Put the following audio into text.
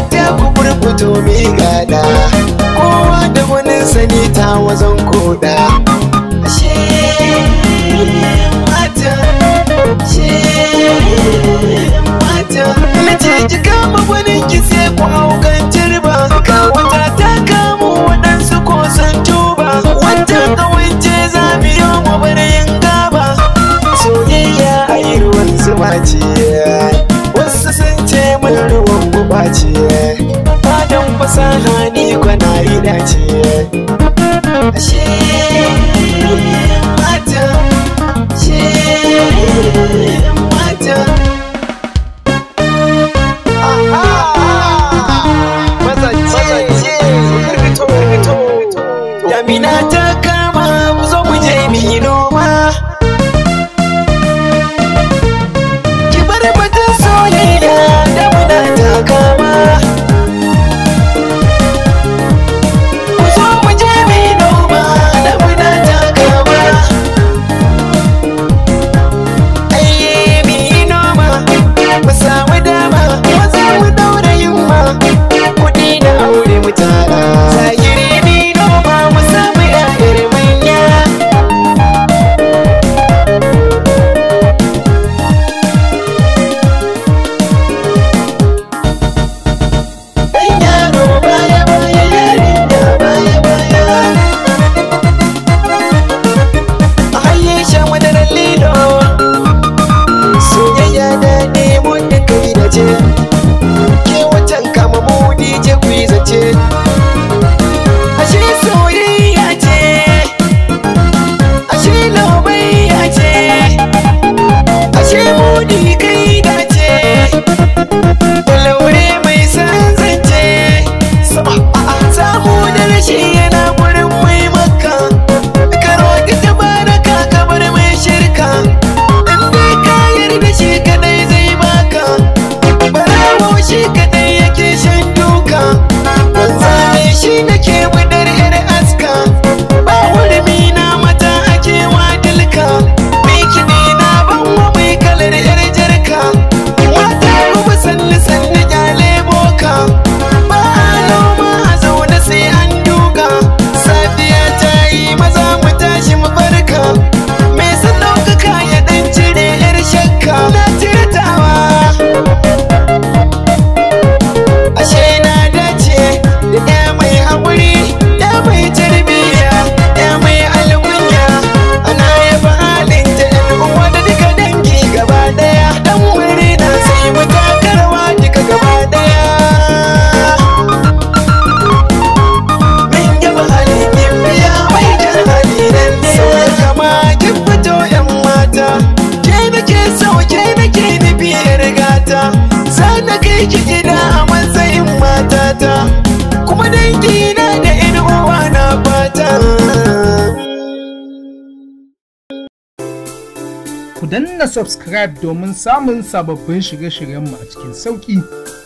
mata ku burkutu mi gada kowa da wani sani ta wazan koda ashe mata ashe mata mace ki kama wani ki sai ku haukan turba kawata ta kamu waɗansu ko san wata kawance za mu yi mu bar yin gaba soyayya a yi ruwan zuba ce ce fadan fasaha ni kwana rida ce ashe mata ki gida a matsayin matata kuma dangi na da yan uwa na fata ku danna subscribe domin samun sababbin shirye-shiryenmu a cikin sauƙi